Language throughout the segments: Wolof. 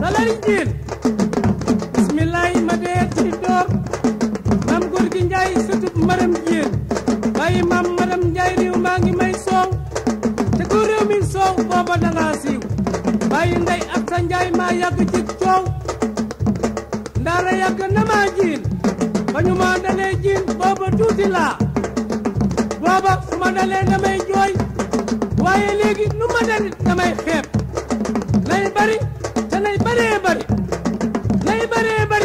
salay jiin bismillaay ma dee ci maam góor njaay sëtub maram jiin bàyyi maam maram njaay réew maa ngi may soow te ku réew mi soow booba danga siiw bàyyi ndey ak sa njaay maa yàgg ci coow ndaara yàgg na maa jiin ba dalee jiin booba tuuti laa booba ma dalee damay jooy waaye léegi nu ma dalit damay xeeb lay bari te lay bëree bëri lay bëree bëri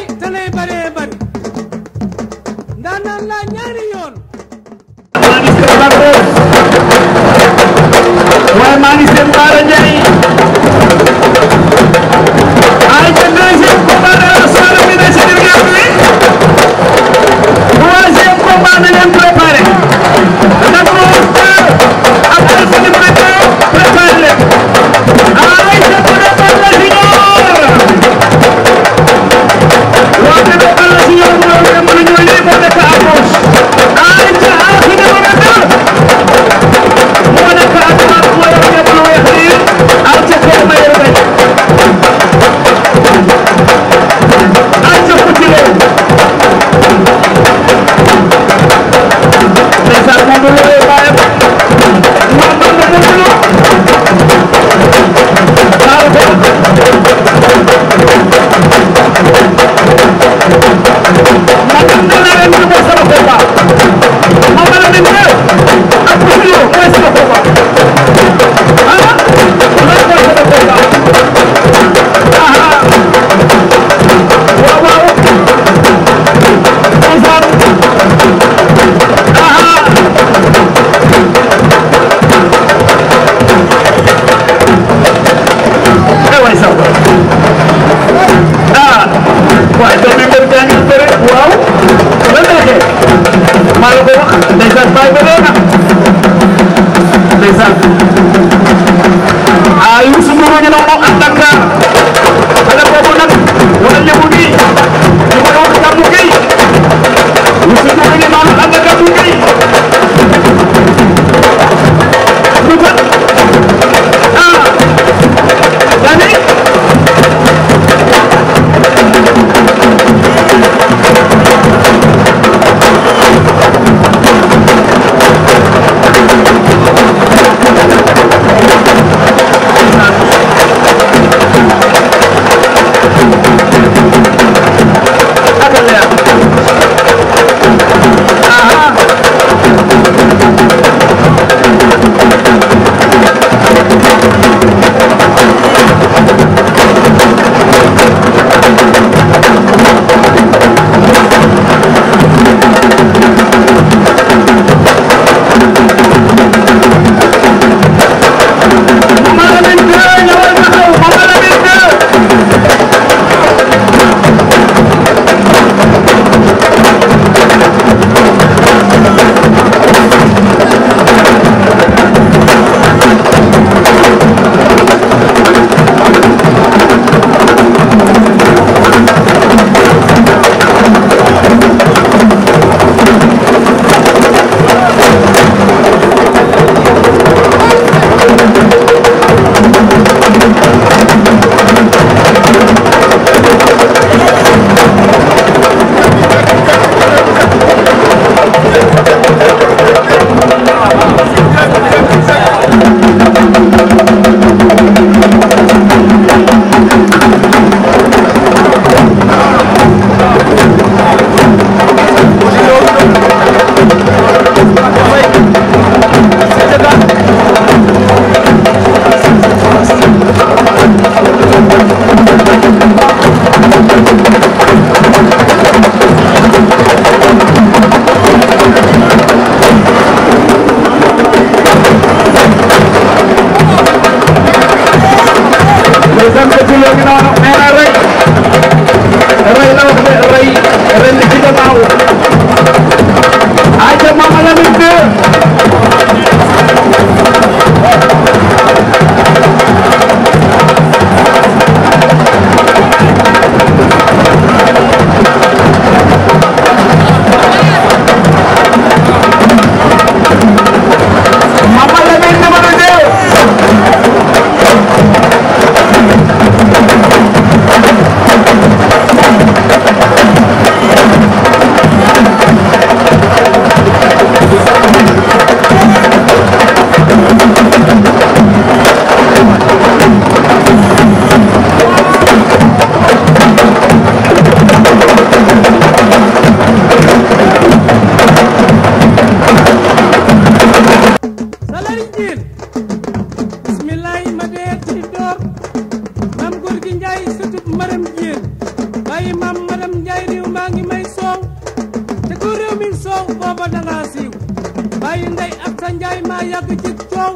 bàyyi ak sa maa yàgg ci coow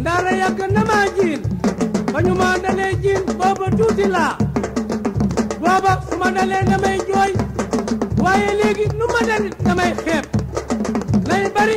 ndaara yàgg na maa jiin ba ñu dalee jiin booba tuuti laa booba su ma dalee damay jooy waaye léegi nu ma dalit damay xeeb lay bari